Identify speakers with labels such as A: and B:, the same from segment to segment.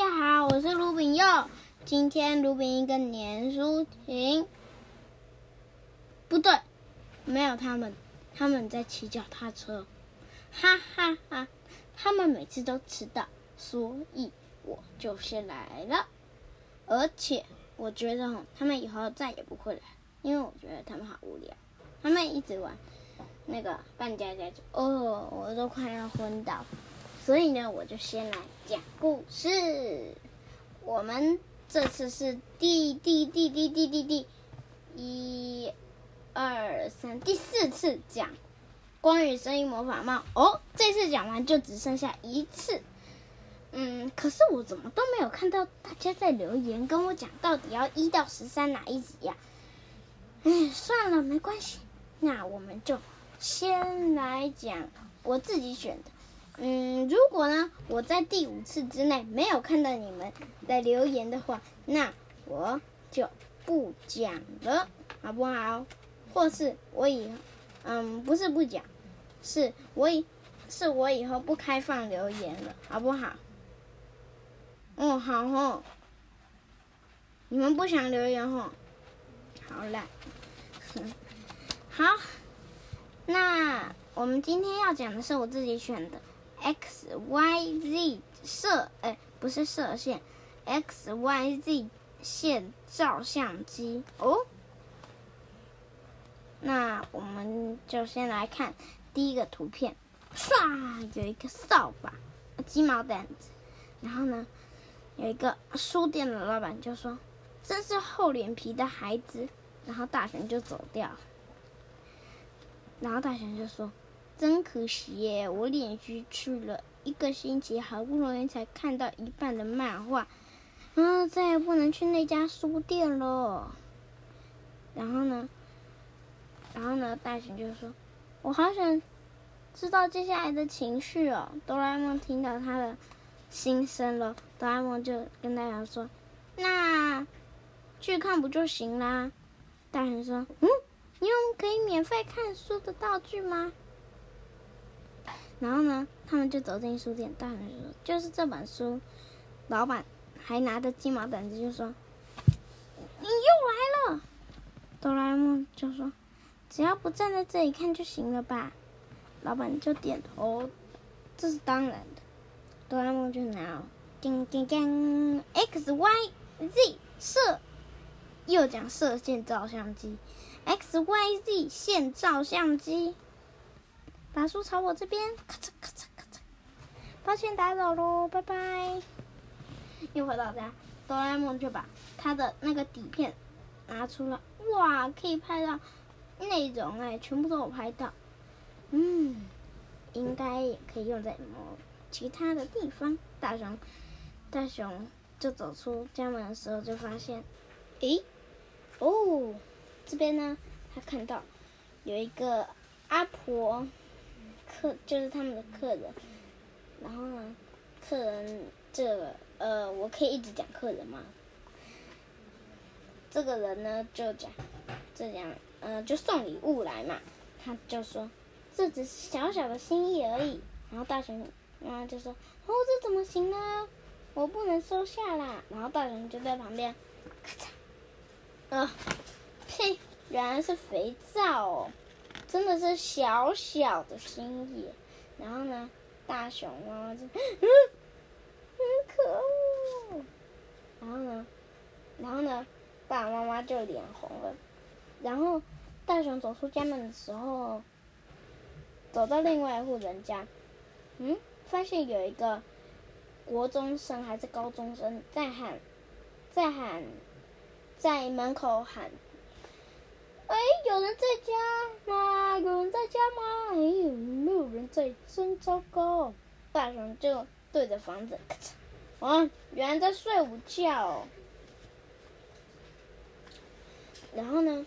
A: 大家好，我是盧炳佑。今天盧炳佑跟年淑晴，不對，沒有他們，他們在騎腳踏車，哈哈哈哈！他們每次都遲到，所以我就先來了。而且我覺得，吼，他們以後再也不會來，因為我覺得他們好無聊，他們一直玩那個扮家家酒，哦，我都快要昏倒。所以呢，我就先來講故事。我們這次是第第第第第第第，一、二、三，第四次講《光與聲音魔法帽》哦。這次講完就只剩下一次。嗯，可是我怎麼都沒有看到大家在留言跟我講，到底要一到十三哪一集呀、啊？哎，算了，沒關係。那我們就先來講我自己選的。嗯，如果呢，我在第五次之內沒有看到你們的留言的話，那我就不講了，好不好？或是我以，嗯，不是不講，是我以，是我以後不開放留言了，好不好？哦，好吼，你們不想留言吼，好啦，好，那我們今天要講的是我自己選的。x y z 射哎、欸、不是射線，x y z 線照相機哦。那我們就先來看第一個圖片，唰有一個掃把，雞毛掸子，然後呢有一個書店的老板就說，真是厚臉皮的孩子，然後大雄就走掉，然後大雄就說。真可惜耶！我連續去了一個星期，好不容易才看到一半的漫畫，然後再也不能去那家書店咯。然後呢？然後呢？大雄就說：“我好想知道接下來的情緒哦。”哆啦 A 夢聽到他的心聲了，哆啦 A 夢就跟大家說：“那去看不就行啦？”大雄說：“嗯，你有可以免費看書的道具嗎？”然後呢，他們就走進書店，大聲說：“就是這本書。”老板還拿着雞毛撣子，就說：“你又來了。”哆啦 A 夢就說：“只要不站在這裡看就行了吧？”老板就點頭：“這是當然的。”哆啦 A 夢就拿了，叮叮叮，X Y Z 射，又講射線照相機，X Y Z 線照相機。把書朝我這邊，咔嚓咔嚓咔嚓。抱歉打擾嘍，拜拜。一回到家，哆啦 A 夢就把他的那個底片拿出了，哇，可以拍到內容哎、欸，全部都有拍到。嗯，應該也可以用在什麼其他的地方。大雄，大雄就走出家門的時候就發現，誒、欸，哦，這邊呢，他看到有一個阿婆。客就是他們的客人，然後呢，客人這個呃，我可以一直講客人嗎？這個人呢就講，這樣嗯、呃、就送禮物來嘛，他就說這只是小小的心意而已。然後大雄媽媽就說：“哦，這怎麼行呢？我不能收下啦。”然後大雄就在旁邊，咔嚓，呃，呸！原來是肥皂，哦。真的是小小的心意，然後呢，大雄媽媽就，嗯，很可惡，然後呢，然後呢，爸爸媽媽就臉紅了，然後大雄走出家門的時候，走到另外一戶人家，嗯，發現有一個國中生還是高中生在喊，在喊，在喊，在門口喊。哎，有人在家嗎？有人在家嗎？哎，沒有人在，真糟糕！大雄就對着房子，咔嚓，啊、哦，原來在睡午覺、哦。然後呢？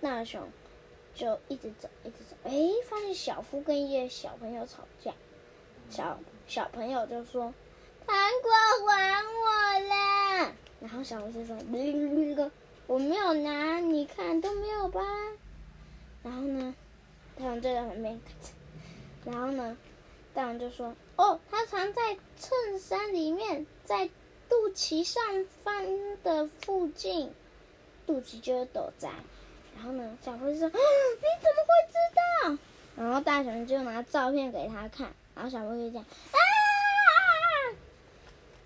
A: 大雄就一直走，一直走。哎，發現小夫跟一些小朋友吵架，小小朋友就說：“糖果還我了！”然後小夫就說：“那、嗯、個。嗯”嗯嗯嗯嗯嗯嗯我沒有拿，你看都沒有吧。然後呢，大雄站在旁邊。然後呢，大雄就說：“哦，他藏在襯衫裡面，在肚臍上方的附近，肚臍就是躲在。”然後呢，小灰說：“你怎麼會知道？”然後大雄就拿照片給他看。然後小灰就講：“啊，啊，啊，啊，啊！”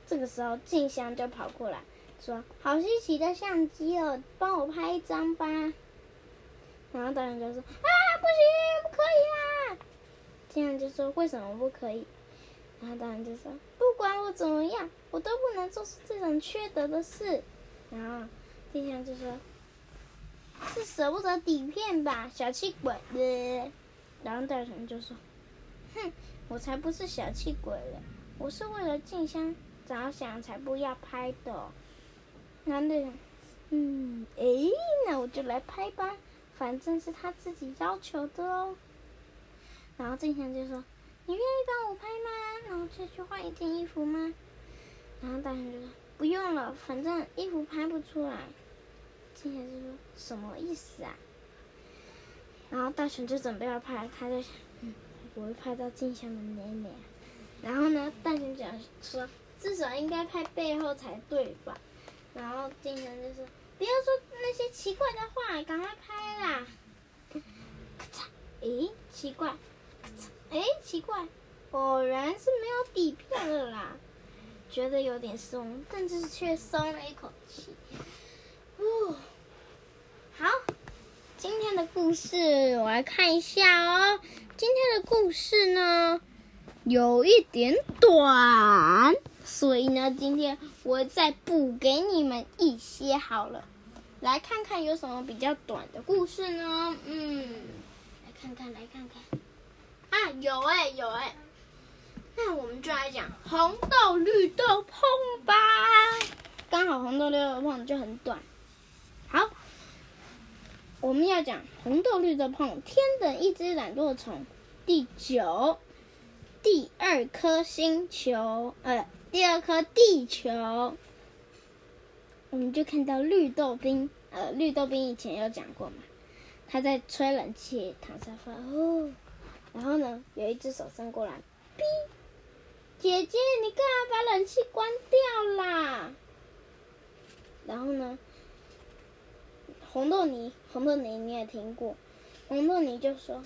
A: 這個時候，靜香就跑過來。說，好稀奇的相機哦，幫我拍一張吧。然後大雄就說：“啊，不行，不可以啊！”靜香就說：“為什麼不可以？”然後大雄就說：“不管我怎麼樣，我都不能做出這種缺德的事。”然後靜香就說：“是舍不得底片吧，小氣鬼子。嗯”然後大雄就說：“哼，我才不是小氣鬼了，我是為了靜香着想才不要拍的，哦。”男的，嗯，哎，那我就來拍吧，反正是他自己要求的哦。然後靜香就說：“你願意幫我拍嗎？然後就去換一件衣服嗎？”然後大雄就說：“不用了，反正衣服拍不出來。”靜香就說：“什麼意思啊？”然後大雄就準備要拍，他就想，嗯，我會拍到靜香的哪裡啊？然後呢，大雄就說：“至少應該拍背後才對吧？”然後竟然就是：“不要說那些奇怪的話，趕快拍啦！”咔嚓，誒，奇怪！咔嚓，誒，奇怪！果然是沒有底片了啦，覺得有點鬆，但是卻鬆了一口氣。哦，好，今天的故事我來看一下哦。今天的故事呢，有一點短。所以呢，今天我再補給你們一些好了，來看看有什麼比較短的故事呢？嗯，來看看，來看看。啊，有哎、欸，有哎、欸。那我們就來講《紅豆綠豆碰》吧。剛好《紅豆綠豆碰》就很短。好，我們要講《紅豆綠豆碰》，天的一隻懶惰蟲，第九，第二顆星球呃。欸第二顆地球，我們就看到綠豆冰，呃，綠豆冰以前有講過嘛，他在吹冷氣躺沙發哦，然後呢，有一隻手伸過來，B，姐姐，你幹嘛把冷氣關掉啦？然後呢，紅豆泥，紅豆泥你也聽過，紅豆泥就說，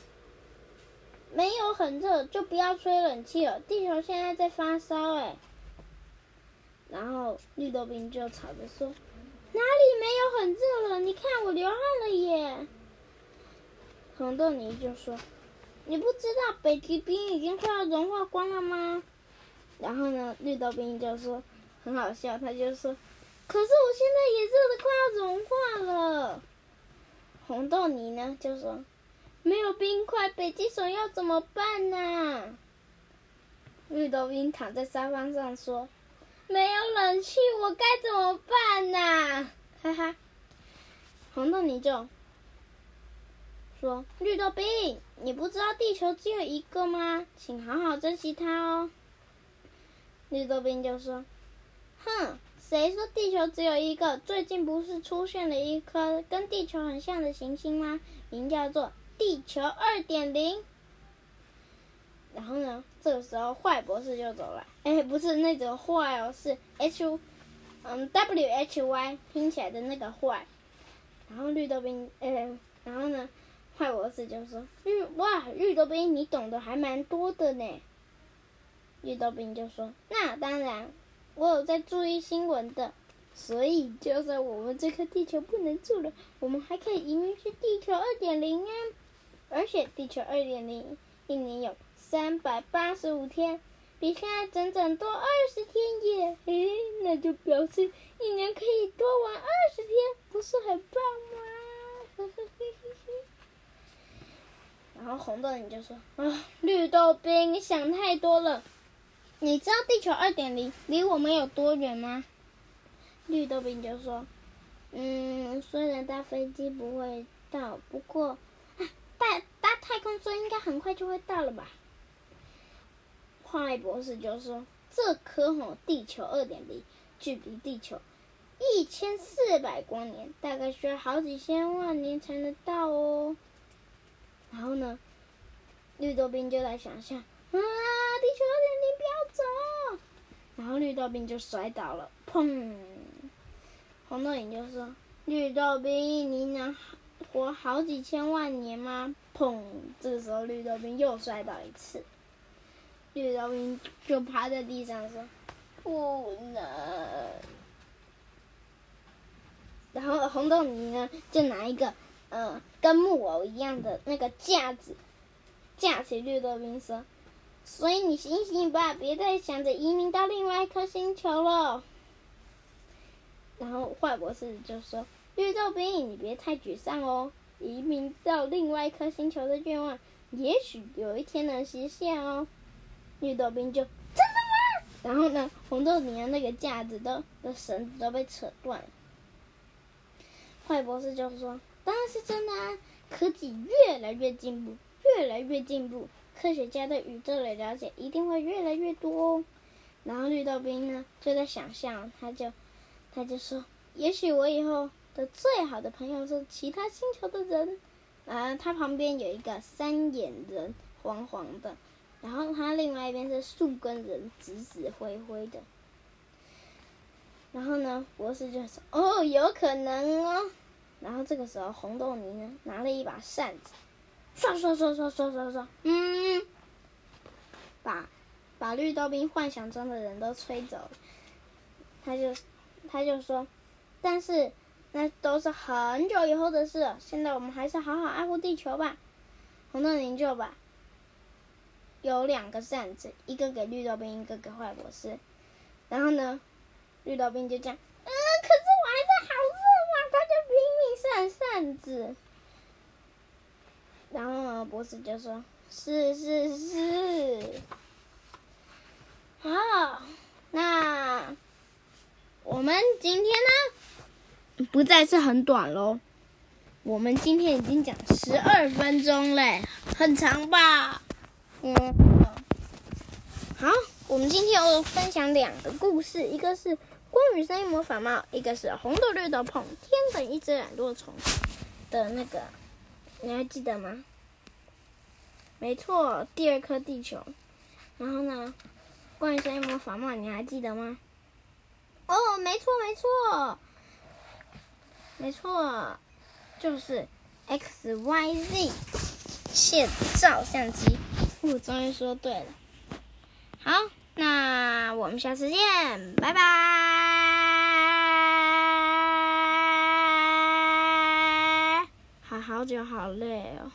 A: 沒有很熱，就不要吹冷氣了。地球現在在發燒，欸，哎。然後綠豆冰就吵着說：“哪裡沒有很熱了？你看我流汗了耶。”紅豆泥就說：“你不知道北極冰已經快要融化光了嗎？”然後呢，綠豆冰就說：“很好笑。”他就說：“可是我現在也熱的快要融化了。”紅豆泥呢就說：“沒有冰塊，北極熊要怎麼辦呢啊？”綠豆冰躺在沙發上說。沒有冷氣，我該怎麼辦吶？哈哈，紅豆你就說，綠豆冰，你不知道地球只有一個嗎？請好好珍惜它哦。綠豆冰就說，哼，誰說地球只有一個？最近不是出現了一顆跟地球很像的行星嗎？名叫做地球二點零。然後呢，這個時候壞博士就走了。哎，不是那個壞哦，是 H，嗯，W H Y 拼起來的那個壞。然後綠豆冰，哎、呃，然後呢？壞博士就說：“嗯，哇，綠豆冰你懂得還蠻多的呢。”綠豆冰就說：“那當然，我有在注意新聞的，所以就算我們這顆地球不能住了，我們還可以移民去地球二點零啊！而且地球二點零一年有。”三百八十五天，比現在整整多二十天耶！哎，那就表示一年可以多玩二十天，不是很棒嗎？ 然後紅豆你就說：“啊、哦，綠豆冰，你想太多了。你知道地球二點零離我們有多遠嗎？”綠豆冰就說：“嗯，雖然搭飛機不會到，不過，搭、啊、搭太空梭應該很快就會到了吧？”壞博士就說：“這顆紅地球二點零，距離地球一千四百光年，大概需要好幾千萬年才能到哦。”然後呢，綠豆兵就在想象：“啊，地球二點零，不要走！”然後綠豆兵就摔倒了，砰！紅豆影就說：“綠豆兵，你能活好幾千萬年嗎？”砰！這個時候綠豆兵又摔倒一次。綠豆兵就趴在地上說：“不能。”然後紅豆泥呢，就拿一個嗯、呃，跟木偶一樣的那個架子架起綠豆兵說：“所以你醒醒吧，別再想着移民到另外一顆星球了。”然後壞博士就說：“綠豆兵，你別太沮喪哦，移民到另外一顆星球的願望，也許有一天能實現哦。”綠豆冰就真的嗎？然後呢，紅豆餅的那個架子都的繩子都被扯斷了。壞博士就說：“當然是真的啊！科技越來越進步，越來越進步，科學家對宇宙的了解一定會越來越多哦。”然後綠豆冰呢就在想象，他就他就說：“也許我以後的最好的朋友是其他星球的人。”啊，他旁邊有一個三眼人，黃黃的。然後他另外一邊是樹跟人指指揮揮的，然後呢，博士就說：“哦，有可能哦。”然後這個時候，紅豆泥呢拿了一把扇子，唰唰唰唰唰唰唰，嗯，把把綠豆冰幻想中的人都吹走了。他就他就說：“但是那都是很久以後的事了，現在我們還是好好愛護地球吧。”紅豆泥就吧。有兩個扇子，一個給綠豆冰，一個給壞博士。然後呢，綠豆冰就這樣，嗯，可是我還是好熱啊，他就拼命扇扇子。然後呢，博士就說：“是是是。是”好，那我們今天呢，不再是很短嘍。我們今天已經講十二分鐘嘞，很長吧？嗯好好，好，我們今天要分享兩個故事，一個是《光與聲音魔法帽》，一個是紅的綠的碰《紅豆綠豆碰天等一隻懶惰蟲》的那個，你還記得嗎？沒錯，第二顆地球。然後呢，《光與聲音魔法帽》，你還記得嗎？哦，沒錯，沒錯，沒錯，就是 XYZ 線照相機。我、哦、終於說對了，好，那我們下次見，拜拜！好好久，好累哦。